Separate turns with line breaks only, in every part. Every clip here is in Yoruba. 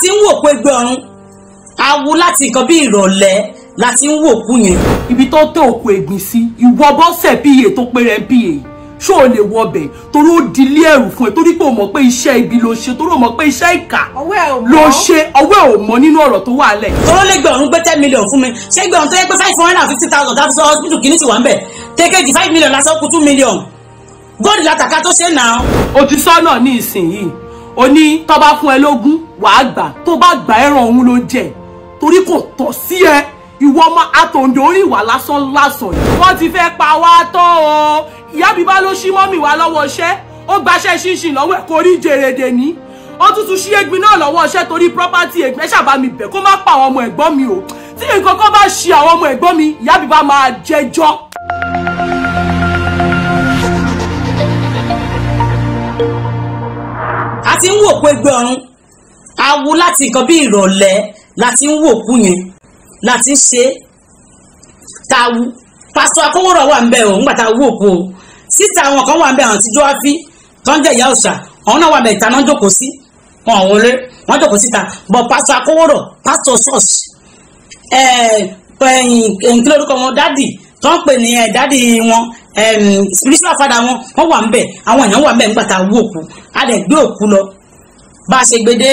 ti ń wò pé gbé ọrùn awu láti nǹkan bí ìrọ̀lẹ́ la ti ń wò kú yẹn. ibi tó tẹ òkú ègbìn sí ìwọ bọ́sẹ̀ píye tó péré ń píye ṣó o lè wọ ọbẹ̀ torí ó di ilé ẹ̀rù fún ẹ torí pé o mọ̀ pé iṣẹ́ ibi ló ṣe torí o mọ̀ pé iṣẹ́ ìkà ló ṣe ọwọ́ ẹ̀ ò mọ nínú ọ̀rọ̀ tó wà lẹ̀. tọ́lọ́ lè gbé ọ̀run gbé ten million fún mi ṣé gbé ọ̀run tó yẹ pé five
hundred and fifty thousand tá a fi sọ hospital kìíní ti wà ń bẹ̀ tẹ́kẹ́jì five million lásán kú two million góòlù
látàkà tó ṣe náà. o náà ní ìsinyìí ó ní tó bá fún ẹ lógún wàá gbà tó bá gbà ẹran òun ló jẹ torí kò tọ́ sí ẹ ìwọ ọmọ àtòǹdó orí ìwà lásán lásán yìí. wọ́n ti fẹ́ pa wá tán o ìyá mi bá ló ṣí mọ́mì wá lọ́wọ́ iṣẹ́ ó gbaṣẹ́ ṣinṣin lọ́wọ́ ẹ̀ kó jèrèdè ní ó tún tún ṣí egbin náà lọ́wọ́ iṣẹ́ torí property ẹgbẹ́ ṣàbá mi bẹ̀ kó má pa àwọn ọmọ ẹ̀gbọ́n mi o tí nǹkan kan bá ṣe àwọn ọmọ ẹ̀gbọ́n mi ìyá mi bá máa jẹjọ́. thank you ti ń wò kú egbe ọ̀run awu
láti nǹkan bí ìrọ̀lẹ́ la ti ń wò kú yẹn la ti ń ṣe ta wu pásítọ̀ akówóró wà ń bẹ̀ o ńgbà tá a wú òkú o síta àwọn kan wà ń bẹ̀ àwọn tíjọ́ wá fi tó ń jẹ́ ìyá òòṣà àwọn náà wà bẹ̀ ìta náà jókòó sí wọn ò wọlé wọn jókòó síta bọ̀ pásítọ̀ akówóró pásítọ̀ ṣọ́ọ̀ṣì ẹ̀ẹ́n kí lórúkọ wọn dádì tó ń pè ní ẹ̀dádì eh, wọn spiritual father wọn wọ́n wà ń bẹ̀ àwọn èèyàn wà ń bẹ̀ nígbà tá a wú òkú a dẹ̀ gbé òkú lọ bá a ṣe gbede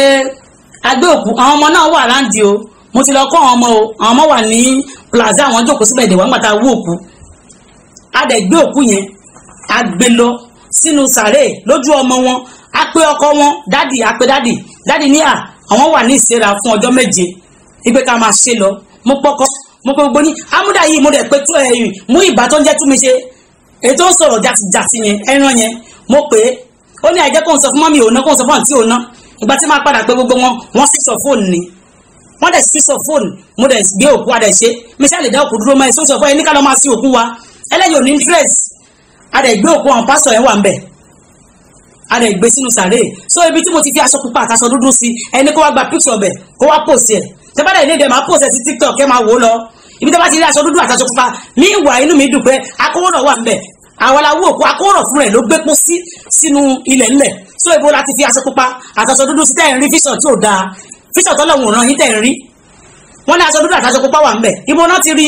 agbé òkú àwọn ọmọ náà wà láǹdì o mo ti lọ kọ́ àwọn ọmọ o àwọn ọmọ wà ní plaza àwọn jókòó síbẹ̀ ìdè wà nígbà tá a wú òkú a dẹ̀ gbé òkú yẹn a gbé lọ sínú sàré lójú ọmọ wọn a pé ọkọ wọn dádì a pé dádì dádì ní à àwọn wà ní ìsera fún ọjọ́ méje ìgbé ká máa ṣe lọ mo pọkọ mo pe gbogbo ní amúdà yìí mo dẹ̀ pé tó ẹ̀yìn eh, mú ìbá tó ń jẹ́ tú mi ṣe èyí ń sọ̀rọ̀ jàtìjàtì yẹn ẹran yẹn mo pè é ó ní àìjẹ́ kó ń sọ fún mọ́mí òun kó ń sọ fún àǹtí òun ìgbà tí máa padà pé gbogbo wọn wọ́n sì sọ fóònù ni wọ́n dẹ̀ sí sọ fóònù mo dẹ̀ gbé òkú adẹ̀ ṣe mi ṣáà lè dá òkú dúró mọ́ ẹ sọ sọ fún ẹ ní ká lọ́ máa sí òkú wa ẹlẹ́yìn òní interest adẹ̀ gbé òkú àwọn pásítọ̀ yẹn wà ń bẹ̀ adẹ̀ gbé sínú sàré so ibi tí mo ti fi aṣọ pupa àtàṣọ dúdú sí ẹni kó wá gba picture tiktok ẹ máa ibi tí a bá ti rí aṣọ dúdú àtàṣọ pupa ní ìwà inú mi dùn pé akówóró wà ńbẹ̀ àwọn aláwọ òkú akówóró fún rẹ̀ ló gbé pọ sí sínú ilẹ̀ ńlẹ̀ so ibo la ti fi aṣọ pupa àtàṣọ dúdú sí tẹ̀ ń rí fíṣàn tí ò dáa fíṣàn tọ́lọ́hún ràn yín tẹ̀ ń rí wọ́n ní aṣọ dúdú àtàṣọ pupa wà ńbẹ̀ ibo náà ti rí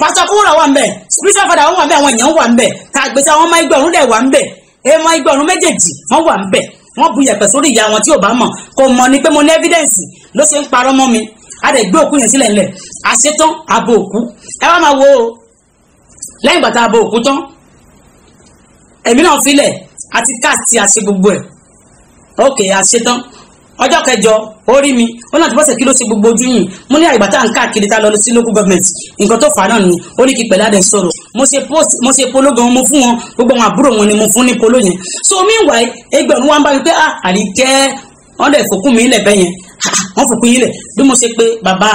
pásítọ̀ kúrò wà ńbẹ̀ spiritual father wọn wà ńbẹ̀ àwọn èèyàn wà ńbẹ̀ kàgbèsè àwọn ọmọ ẹgbẹ́ ọ̀run dẹ̀ wà ńbẹ̀ èèmọ̀ ẹgbẹ́ ọ̀run méjèèjì wọ́n wà ńbẹ̀ wọ́n bu yẹ̀pẹ̀ sórí ìyá wọn tí ò bá mọ̀ kò mọ̀ ni pé mo ní evidence ló ṣe ń parọ́ mọ́ mi a dẹ̀ gbé òkú yẹn sílẹ̀ ńlẹ̀ àṣetán abo òkú ẹ wá máa wo lẹ́yìn ìgbà tá abo òkú tán èmi náà filẹ̀ àti káàtì àṣe gbogbo ẹ̀ ok àṣetán ọjọ́ kẹjọ ó mi ó náà ti bọ́sẹ̀ kí ló ṣe gbogbo ojú yìí mo ní àgbà tá à ń káàkiri tá a lọ sí local government nǹkan tó fà á náà ni ó ní kí pẹ̀lú àdẹ sọ̀rọ̀ mo ṣe polo gan mo fún wọn gbogbo àwọn àbúrò wọn ni mo fún ní polo yẹn so meanwhile ẹgbẹ̀rún wa ń bá mi pé ah àríkẹ́ wọ́n dẹ̀ fòkún mi ilẹ̀ bẹ́yẹn wọ́n fòkún yín lẹ̀ bí mo ṣe pé bàbá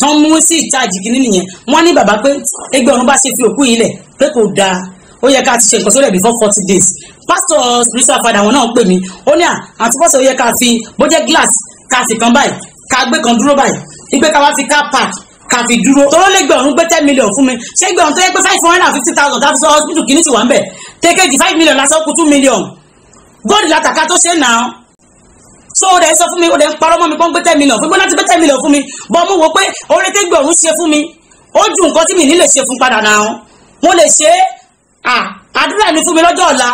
tán mú sí ìtajì kìíní nìyẹn wọ́n ní bàbá pé ẹgbẹ́ ọ̀run bá ṣe fi òkú yìí lẹ̀ pé kò dáa ó yẹ ká ti ṣe nǹkan sólẹ̀ before forty days pastor spiritual father wọn náà pè mí ó ní à àti pásítọ̀ ó yẹ ká fi bójẹ́ glass ká fi kan báyìí ká gbé kan dúró báyìí ìgbé ká wá fi car park ká fi dúró tó lè gbé ọ̀run gbé ten million fún mi ṣé gbé ọ̀run tó yẹ pé five hundred and fifty thousand káfíńsọ hospital kìíní ti wà ń bẹ̀ tẹ́kẹ́jì five million lásán kú two million góòlù látàkà tó ṣe náà so ó dẹ̀ sọ fún mi ó dẹ̀ ń parọ́ mọ́ mi pọ́n gbé ten million fún mi bọ́lá ti gbé ten million fún mi bọ́ mo wò pé orin tẹ́gbẹ̀ ọ̀run ṣe fún mi ó ju nǹkan tí mi ní lè ṣe fún padà náà mo lè ṣe é àdúrà ni fún mi lọ́jọ́ ọ̀la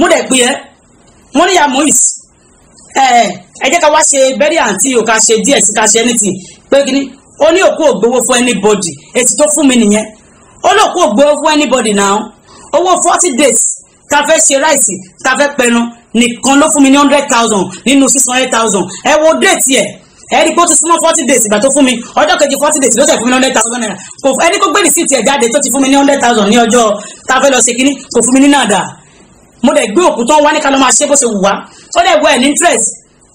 mo dẹ̀ gbé ẹ́ mo ní ya mois ẹ jẹ́ ká wá ṣe bẹ́rí àǹtí o ká ṣe díẹ̀ sí ká ṣe anything pé kí ni ó ní òkú ògbówó fún anybody ètí tó fún mi nìyẹn ó ní òkú ògbówó fún anybody náà owó forty days ta fẹ́ ṣe ráìsì ta fẹ́ pẹnu nìkan ló fún mi ní hundred thousand nínú six hundred thousand ẹ wo déètì ẹ̀ ẹni kó ti súnmọ́ forty days ìgbà tó fún mi ọjọ́ kejì forty days ló tẹ̀ fún mi ní hundred thousand naira kò ẹni kó gbé receipt ẹ̀ jáde tó ti fún mi ní hundred thousand ní ọjọ́ tá a fẹ́ lọ ṣe kínní kò fún mi ní nàdà mo dẹ̀ gbé òkú tán wá ní ká máa ṣe bó ṣe wù wá ó dẹ̀ wọ ẹ̀ ní interest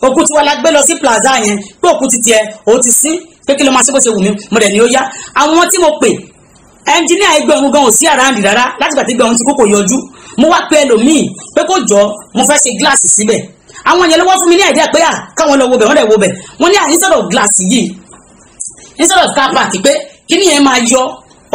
òkú tiwa la gbé lọ sí plaza yẹn pé òkú ti tiẹ̀ ó ti sí pé kí ló máa ṣe bó ṣe wù mí mo dẹ̀ ní ó yá àwọn tí mo pè ẹnjìníà Ẹgbẹ̀rún gan ò sí àràǹdì rárá látìgbà tí Ẹgbẹ̀rún ti kókò yọjú mo wá pe ẹlòmíì pé kó jọ mo fẹ́ ṣe gíláàsì síbẹ̀ àwọn yẹn lọ́wọ́ fún mi ní àìdíà pé à ah, káwọn lọ wo bẹ̀ wọ́n dẹ̀ wo bẹ̀ wọ́n ní à ah, instead of gíláàsì yìí instead of car park pé kíní yẹn máa yọ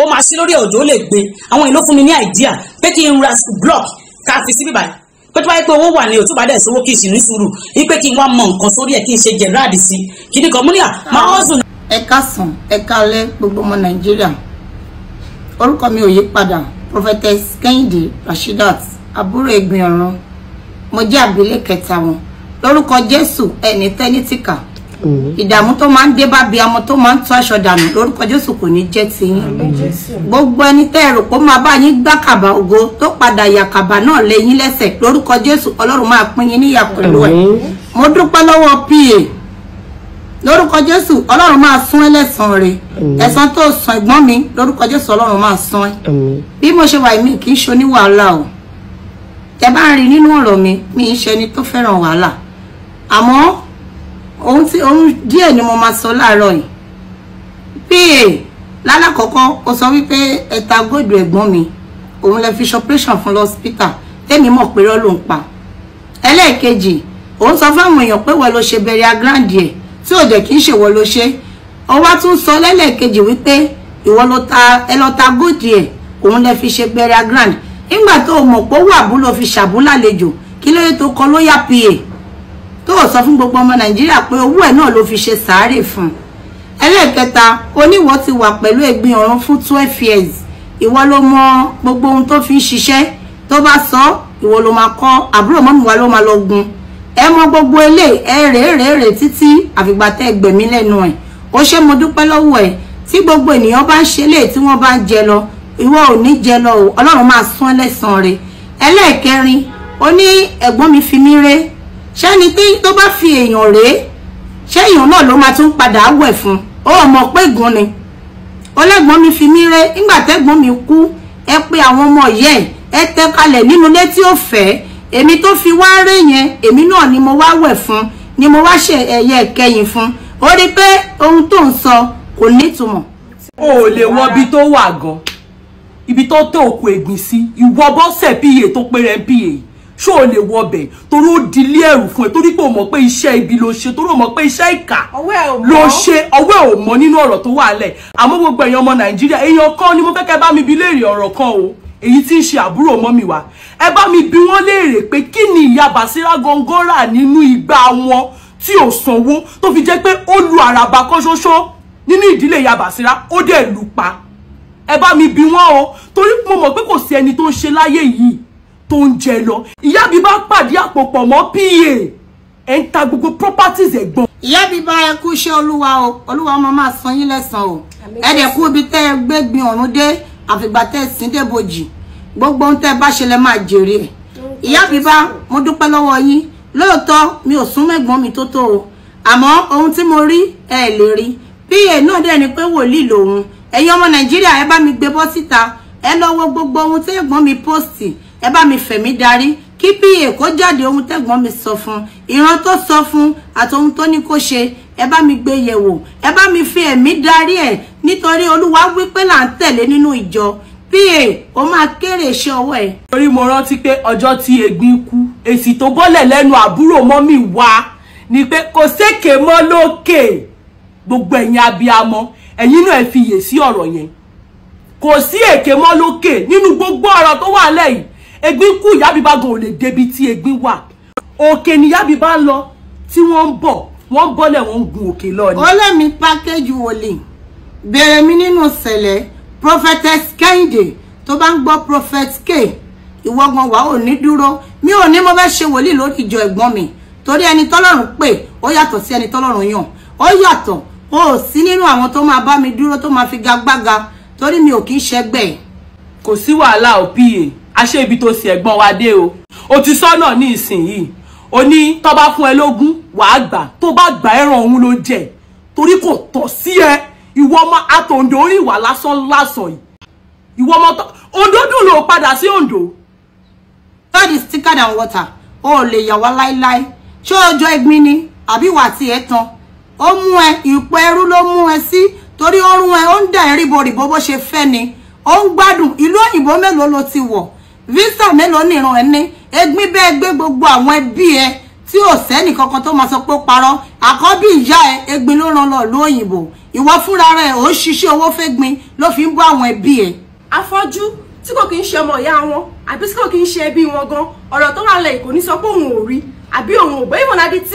ó máa sí lórí òjò ó lè gbé àwọn yẹn ló fún mi ní àìdíà pé kí n ra block ká fi síbí báyìí pé tí wọ́n yẹ pé owó wà ní òtún bàdẹ́ ìṣòwò kì í ṣì ní sùúrù wípé kí n wá mọ nǹkan sórí ẹ̀ kí n ṣe
jẹ̀ráàdì sí kíní kan múníà ah, máa ń sùn. ẹ káàsán ẹ káalẹ́ gbogbo ọmọ nàìjíríà orúkọ mi ò yí padà prophetess kẹ́hìndé rashidat àbúrò ẹ̀gbìn ọ̀run mo jẹ́ àbílẹ̀ kẹta wọn lórúkọ jésù ẹni tẹ́ni tìkà ìdààmú tó máa ń dé bá bi ọmọ tó máa ń tọ́ aṣọ dànù lórúkọ jésù kò ní jẹ́ tiyín gbogbo ẹni tẹ́ rò pé máa bá yín gbá kàbà ògo tó padà yàkàbà náà lé lẹ́sẹ̀ lórúkọ jésù ọlọ́run máa pín yín níyà pẹ̀lú ẹ̀ mo dúpẹ́ lọ́wọ́ pa lórúkọ jésù ọlọ́run máa sún ẹ́ lẹ́san rẹ̀ ẹ̀san tó san ẹ̀gbọ́n mi lórúkọ jésù ọlọ́run máa sún ẹ́ bí mo ṣe wà mí kì í ṣe oníwàhálà o tẹ bá ń rí nínú ọ̀rọ̀ mi mi ń ṣe ẹni tó fẹ́ràn wàhálà àmọ́ ohun tí ohun díẹ̀ ni mo máa sọ láàárọ̀ yìí pa lálàkọ́kọ́ ó sọ wípé ẹ̀ta góòdù ẹ̀gbọ́n mi òun lè fi ṣọpẹ́ṣàn fún lọ́sípítà tẹ́mi mọ̀ pé rọ́ ló ń pa ẹlẹ́ẹ̀kejì òun sọ fáwọn èèyàn pé wọ́n ló ṣe bẹ̀rẹ̀ agrandi ẹ̀ tí ò dẹ̀ kí ń ṣèwọ ló ṣe ọwá tún sọ lẹ́lẹ́kejì wípé ìwọ ló ta ẹ lọ ta góòdì ẹ̀ òun lẹ fi ṣe burial ground nígbà tó o mọ̀ pé owó àbúlò fi ṣàbúlàlejò kí lóye tó kọ lóyà pa tó o sọ fún gbogbo ọmọ nàìjíríà pé owó ẹ̀ náà ló fi ṣe sàárè fún un ẹlẹ́ẹ̀kẹta oníwọ̀ ti wà pẹ̀lú ẹ̀gbin ọ̀run fún twelve years ìwọ ló mọ gbogbo ohun tó fi ń ṣiṣẹ́ tó bá sọ ìwọ ló máa kọ́ àbúrò mọ́mìwá ló máa lọ gun ẹ mọ gbogbo eléyìí ẹ rèé rèé rèé títí àfìgbà tẹ́ gbẹ̀mí lẹ́nu ẹ̀ ó ṣe mo dúpẹ́ lọ́wọ́ ẹ̀ tí gbogbo ènìyàn bá ń ṣe léè tí wọ́n bá ń jẹ lọ ìwọ ò ní jẹ lọ o ọlọ́run máa sún ẹlẹ́sàn rẹ̀ ẹlẹ́ẹ̀kẹrin ó ní ẹ̀gbọ́n mi fi mí ré ṣẹ́ni tí tó bá fi èèyàn ré ṣé èèyàn náà ló máa tún padà wẹ̀ fún ó mọ̀ pé gan ni ọlẹ́gbọ́n mi fi mí ré nígbà tẹ́gbọ́n mi kú ẹ pé àwọn ọmọ yẹn ẹ tẹ́ kalẹ̀ nínú ilé tí ó fẹ́ẹ́ èmi tó fi wá rè yẹn èmi náà ni mo wá wẹ̀ fún ni mo wá ṣe ẹ̀yẹ ìkẹyìn fún
ó rí pé ohun tó ń sọ kò nítumọ̀. o ò lè wọ ibi tó wà gan ibi tó tó òkú ègbìn sí ìwọ bọ́sẹ̀ píye tó péré píye ṣó o lè wọ ọbẹ̀ torí ó di ilé ẹ̀rù fún ẹ torí pé o mọ̀ pé iṣẹ́ ibi ló ṣe torí o mọ̀ pé iṣẹ́ ìkà ló ṣe ọwọ́ ẹ̀ ò mọ̀ nínú ọ̀rọ̀ tó wà lẹ̀ àmọ́ gbogbo èèyàn ọmọ nàìjíríà èèyàn kan ni mo fẹ́ kẹ́ bá mi bi léèrè ọ̀rọ̀ kan o èyí tí í ṣe àbúrò mọ́mì wa ẹ bá mi bi wọ́n léèrè pé kí ni ìyá Basira Gongor rà nínú ìgbà wọn tí ò sanwó tó fi jẹ́ pé ó lu àràbà kan ṣoṣo nínú ìdílé ìyá Basira ó dẹ̀ lù pa ẹ bá mi bi wọ́n o torí mo mọ̀ pé kò sí ẹni tó ń ṣe láyé yìí tó ń jẹ lọ ìyá mi bá pàdé àpò pọ̀ mọ́ pa ẹ̀ ń ta gbogbo properties ẹ̀gbọ́n
ìyá bíbá ẹ kú iṣẹ́ olúwa o olúwa ọmọ máa san yín lẹ́san o ẹ dẹ̀ kú ibi tẹ́ ẹ gbégbin ọ̀run dé àfìgbà tẹ́ ẹ sìn débòjì gbogbo ohun tẹ́ bá ṣe lẹ máa jèrè ẹ̀ ìyá bíbá mo dúpẹ́ lọ́wọ́ yín lóòótọ́ mi ò sún mẹ́gbọ́n mi tó tó o àmọ́ ohun tí mo rí ẹ lè rí pa náà dẹ̀ ni pé wòlíì lòun ẹ̀yin ọmọ nàìjíríà ẹ bá mi gbé bọ́ síta ẹ lọ wo gbogbo ohun tí ẹ̀gbọ́n mi pósìtì ẹ bá mi fẹ̀mí darí kí pa kó jáde ohun tẹ́gbọ́n mi sọ fún ìran tó sọ fún àti tó ní kó ṣe ẹ bá mi gbé yẹ̀wò ẹ bá mi fi ẹ̀mí darí ẹ̀ nítorí olúwa wípé là
ń tẹ̀lé nínú ìjọ pa ó e, máa kéré iṣẹ́ ọwọ́ ẹ̀. torí mo rántí pé ọjọ́ tí egbin kú èsì tó bọ́lẹ̀ lẹ́nu àbúrò mọ́mì wa ni pé kò sékè mọ́ lókè gbogbo ẹ̀yin abiyamọ ẹ̀yin náà ẹ fi yè sí ọ̀rọ̀ yẹn kò sí èké mọ́ lókè nínú gbogbo ọ̀rọ̀ tó wà lẹ́yìn egbin kú ìyábíbá ò lè débi tí egbin wà òkè ni ìyábíbá lọ tí wọ́n ń bọ̀ wọ́n ń bọ́lẹ̀ wọ́n ń gun òkè lọ ni. ó lẹ́mi pákéjì wọlé bẹ̀rẹ̀ mi nínú sẹ̀lẹ̀
prophetess kẹ́hìndé tó bá ń gbọ́ prophet k ìwọ́gbọ̀n wà ò ní dúró mi ò ní mo fẹ́ ṣe wòlíì lórí ìjọ ẹ̀gbọ́n mi torí ẹni tọ́lọ́run pè ó yàtọ̀ sí ẹni tọ́lọ́run yàn ó yàtọ̀ ó sí nínú àwọn tó máa bá mi dúró tó máa fi gagbága
torí mi ò kí ń ṣẹgbẹ́ ẹ̀. kò sí wàhálà ò aṣẹ́ ibi tó sì ẹ̀gbọ́n wa dé o o ti sọ́nà ní ìsinyìí o ní tó bá fún ẹ lógún wàá gbà tó bá gbà ẹ̀ràn òun ló jẹ torí kò tọ́ sí ẹ ìwọ ọmọ àtòǹdó orí ìwà lásán lásán yìí ìwọ ọmọ tó Oǹdó dùn lò padà sí Oǹdó. God
is thicker than water o ò lè yà wá láéláé ṣé ọjọ́ ẹgbin ni àbí ìwà tí ẹ tan ó mú ẹ ìpò ẹrú ló mú ẹ sí torí ọrùn ẹ ó ń dà ẹ ríboríbo bó ṣe fẹ́ ni ó ń gbádùn ìlú òyìnbó mélòó ló ti wọ̀ visa mélòó nìran ẹ ní ẹgbin bẹ́ẹ̀ gbé gbogbo àwọn ẹbí ẹ tí ò sẹ́nì kankan tó máa sọ pé ó parọ́ àkọ́bí ìyá ẹ egbin ló ràn lọ lóyìnbó ìwọ fúnra rẹ ò ń ṣiṣẹ́ owó fẹ́gbin ló fi ń
bọ́ àwọn ẹbí ẹ. afọ́jú tí kò kí ń ṣe ọmọ ìyá wọn àbí tí kò kí ń ṣe ẹbí wọn gan ọ̀rọ̀ tó wà lẹ̀ kò ní sọ pé òun ò rí àbí òun ò gbé ìmọ̀ládé tí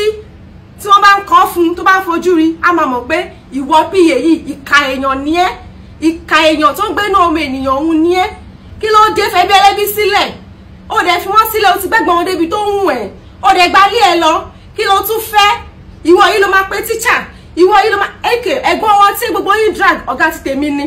tí wọ́n bá ń kọ́ fún un tó bá ń fojú rí a máa mọ̀ pé ìwọ pa èyí ìka èèyàn ni ẹ́ ìka èèyàn tó ń gbénú ọmọ ènìyàn òun ni ẹ́ kí ló dé fẹ́ bí ẹlẹ́bí sílẹ̀ ó dẹ̀ ọ̀dẹ̀ gbalé ẹ lọ kí ló tún fẹ́ ìwọ yìí ló máa pe tíṣà ìwọ yìí ló máa èkè ẹ̀gbọ́n wọn tí gbogbo yìí drag ọ̀gá ti tèmi ni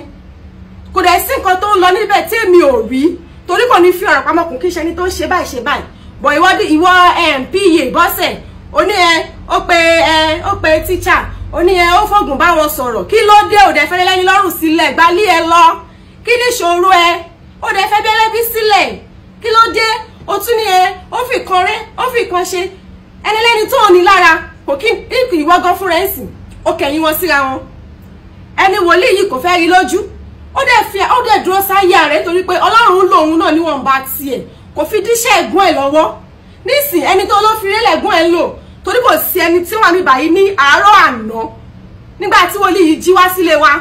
kò dẹ̀ sí nǹkan tó ń lọ níbẹ̀ tí èmi ò rí torí kò ní fi ọ̀rọ̀ pamọ́ kò kí ṣe ni tó ń ṣe báyìí ṣe báyìí bọ̀ ìwọ ìwọ eh, píye bọ́sẹ̀ ó ní ẹ eh, ó pe ẹ eh, ó pe tíṣà ó ní ẹ ó fọ̀gùn bá wọn sọ̀rọ̀ kí ló dé òdẹ fẹ́rẹ́ lẹ́yìn lọ́rùn sílẹ̀ gbalé ẹ lọ kí ní ṣòro ẹ òdẹ fẹ́ bẹ́lẹ́bí sílẹ̀ kí ló dé o tún ní ẹ ó fi kan rẹ ó fi kan ṣe ẹnilẹ́ni tó ní lára kò kí ìwọ gan fúnra ẹ̀ sìn ó kẹ̀yìn wọn síra wọn ẹni wòlíì yìí kò fẹ́ rí lójú ó dẹ̀ fi ó dẹ̀ dúró sáyé rẹ̀ nítorí pé ọlọ́run lòun náà níwọ̀nba tiẹ̀ kò fi díṣẹ́ ẹ̀gbọ́n ẹ̀ lọ́wọ́ nísìn ẹni tó ló fi rélẹ̀ ẹ̀gbọ́n ẹ̀ lò torí kò sí ẹni tí wọ́n mi báyìí ní àárọ̀ àná nígbà tí wòlíì yìí jí wá sílé wa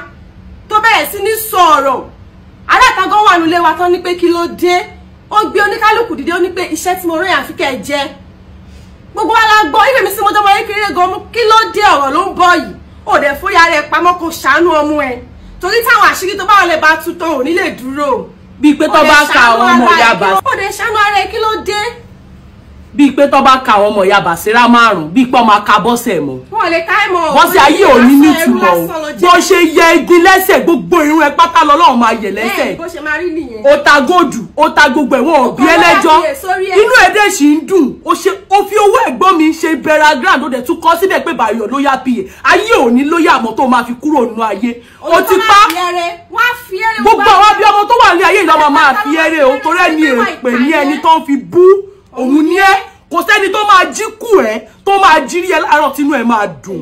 tó bẹ̀rẹ̀ sí ní sọ ọ̀rọ̀ alátagbọ́n wà nílé wa tán ní pé kí ló dé o gbé oníkálukú dìde ó ní pé iṣẹ́ tí mo rán àfi kẹ́ ẹ gbogbo wa la gbọ́ ibèmí sí mo jọmọ yín kiri gan mú kí ló dé ọ̀rọ̀ ló ń bọ̀ yìí ó dẹ̀ fóyà rẹ̀ pamọ́ kó ṣàánú ọmọ ẹ̀ torí táwọn àṣírí tó bá wọlé bá
tutọ́ òní lè dúró. bíi pé tó ka àwọn ọmọ ìyá bá. ó dẹ̀ ara ẹ kí ló bíi pé tó bá ka àwọn ọmọ ìyá bàṣírà márùn bíi pé ọmọ aka bọ́sẹ̀ mọ́
bọ́sẹ̀ ayé ò ní nítumọ̀ o
bó se yẹ igi lẹ́sẹ̀ gbogbo irun ẹ pátá lọ́lọ́run máa yẹ lẹ́sẹ̀ o ta góòdù o ta gbogbo ẹ̀wọ̀n òbí ẹlẹ́jọ́ inú èdè sì ń dùn o ṣe o fi owó ẹ̀gbọ́n mi ṣe bẹ̀rẹ̀ grand o dẹ̀ tún kọ́ síbẹ̀ pé bàyọ̀ ló yá pìyẹ ayé ò ní ló yá àmọ́ tó máa fi kúrò nínú ayé o ti pa
gbogbo àwọn abiyamọ tó wà ní ayé ìlọ́mọ máa fi eré o torí ẹni èrò pè ní ẹni
tó fi bú òun ni ẹ́ kò sẹ́ni tó máa jí kù ẹ́ tó máa jí rí ẹ láàárọ̀ tínú ẹ máa dùn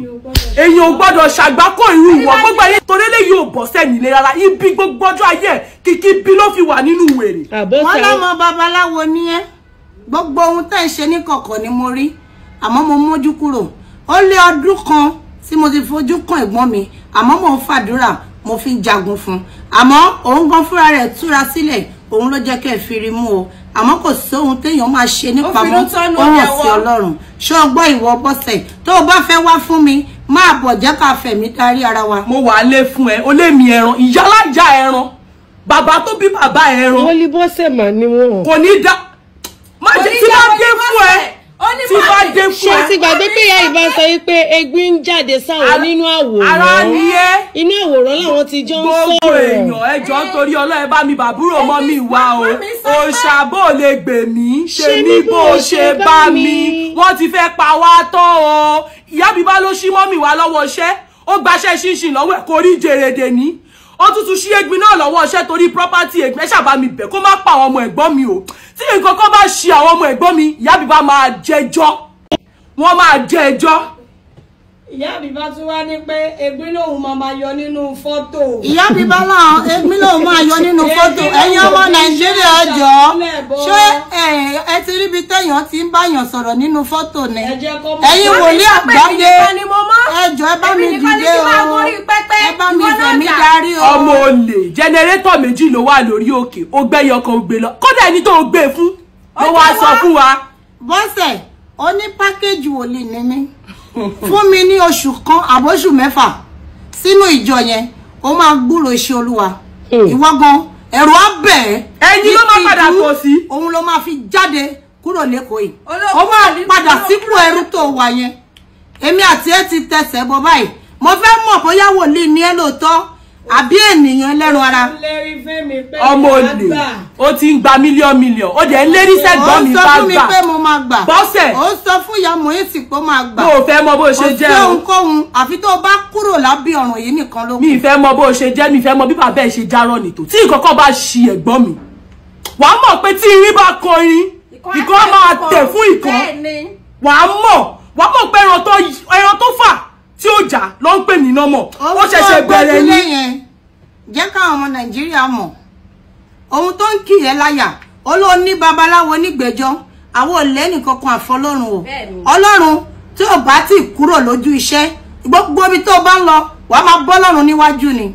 èyàn ò gbọ́dọ̀ ṣàgbákò irú ìwọ gbogbo ayé torí eléyìí ò bọ́ sẹ́ni ilé rárá ibi gbogbo ọjọ́ ayé kìkì bí ló fi wà nínú wèrè. wọn lọmọ
babaláwo ni ẹ gbogbo ohun tẹ́ ẹ ṣe ní kọ̀kọ̀ ni mo rí àmọ́ mo mójú kúrò ó lé ọdún kan tí mo ti fojú kan ẹ̀gbọ́n mi àmọ́ mo fàdúrà mo fi jagun fún un àmọ́ òun gan fúnra rẹ̀ túra sílẹ̀ òun ló jẹ́ kẹ́ fi rí mú o àmọ́ kò sóhun téèyàn máa ṣe nípa mọ́ ó hàn sí ọlọ́run ṣé o gbọ́ ìwọ bọ́sẹ̀ tó o bá fẹ́ wá fún mi
máa bọ̀ jẹ́ ká fẹ̀mí darí ara wa. mo wà á lé fún ẹ ó lé mi ẹran ìyálàjà ẹran bàbá tó bí bàbá ẹran. wọ́n ní bọ́sẹ̀ mà ni wọ́n. kò ní dá
má jẹ́ tí wọ́n dé fún ẹ tí bá dé fún ẹ. ṣé ti gbàgbé pé ìyá
ìbá sọ wípé egbin ń
jáde sáwọn nínú
àwòrán inú àwòrán làwọn ti jọ ń sọ̀rọ̀. gbogbo èèyàn ẹjọ́ torí ọlọ́run bá mi bàbúrò mọ́ mi wá o òṣàbò lè gbè mí ṣe ní bó ṣe bá mi wọ́n ti fẹ́ pa wá tán o ìyá mi bá ló ṣí mọ́ mi wá lọ́wọ́ iṣẹ́ ó gbaṣẹ́ ṣinṣin lọ́wọ́ ẹ̀ kò rí jèrèdè ní ó tútù sí Ẹ̀gbin náà lọ́wọ́ iṣẹ́ torí property Ẹ̀gbin ẹ ṣàbá mi bẹ̀ kó má pa àwọn ọmọ ẹ̀gbọ́n mi o tí nǹkan kan bá ṣe àwọn ọmọ ẹ̀gbọ́n mi ìyá mi bá máa jẹjọ́ wọ́n máa jẹ ẹjọ́.
ìyá
mi bá tún wá ní pé Ẹ̀gbin lòun máa máa yọ nínú fọ́tò. ìyá mi bá láwọn Ẹ̀gbin lòun máa yọ nínú fọ́tò ẹ̀yin ọmọ Nàìjíríà jọ ṣé ẹ ti ríbi téèyàn ti ń báyàn sọ̀rọ̀ nínú fọ́tò ni ẹ̀yin wòlíì àgbáyé
ẹjọ́ ẹ bá mi dìde o
ọlọ́run mi fẹ̀mí darí o. ọmọ olè jẹnẹrétọ̀
méjì ló wà lórí òkè ó gbẹ́yẹ ọkọ̀ ó gbé lọ kódà ẹni tó gbé e fún ló wá sọ fún wa. bọ́sẹ̀ ó ní pákéjì wòlíì
ní mi fún mi ní oṣù kan àbóṣù mẹ́fà sínú ìjọ yẹn ó máa gbúrò iṣẹ́ olúwa ìwọ gan ẹ̀rù á bẹ̀ ẹ́ ẹni ló máa padà kò sí òun ló máa fi jáde kúrò lẹ́kọ̀ọ́ yìí ó máa padà sípò ẹrú tó wà yẹn èmi àti ẹ ti tẹsẹ̀ bọ báyìí mo fẹ́ mọ̀ bóyá wòlíì ní ẹ́ lóòótọ́ àbí ènìyàn ẹlẹ́ran ara ọmọ olè
ó ti ń gba mílíọ̀n mílíọ̀n ó dẹ̀ ń lérí sẹ́gbọ́n mi bá gbà ó sọ fún mi pé mo
máa gbà bọ́sẹ̀ ó sọ fún ìyá mohesi pé O máa gbà mo fẹ́ mọ bó ṣe jẹ́ o òfin ohunkóhun àfi tó o bá kúrò lábẹ́ ọ̀ràn yìí nìkan ló kù mi fẹ́
mọ bó ṣe jẹ́ mi fẹ́ mọ bí bàbá ẹ̀ ṣe járọ̀ nìtò tí ìkọ̀kọ̀ bá ṣi ẹ̀gbọ́n mi wàá mọ̀ pé tí irin bá kọ irin ìkọ́ máa tẹ̀ fún ìkọ́ wàá mọ̀ wàá mọ̀ pé ẹran tó fà tí ó jà ló ń pè ní nọ́mọ̀ ó ṣẹ̀ṣẹ̀ bẹ̀rẹ̀ ní. jẹ́ káwọn ọmọ nàìjíríà
mọ̀ ohun tó ń kì í láyà olóhùn ní babaláwo nígbẹ́jọ́ àwọn olè nìkankan àfọlọ́run o ọlọ́run tí ò bá ti kúrò lójú iṣẹ́ gbogbo ibi tó bá ń lọ wàá máa bọ́ lọ́run níwájú ni.